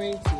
20